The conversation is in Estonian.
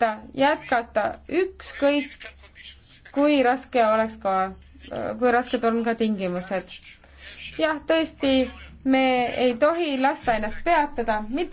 võtta, jätkata, ükskõik kui raske oleks ka, kui rasked on ka tingimused. jah, tõesti, me ei tohi lasta ennast peatada, mitte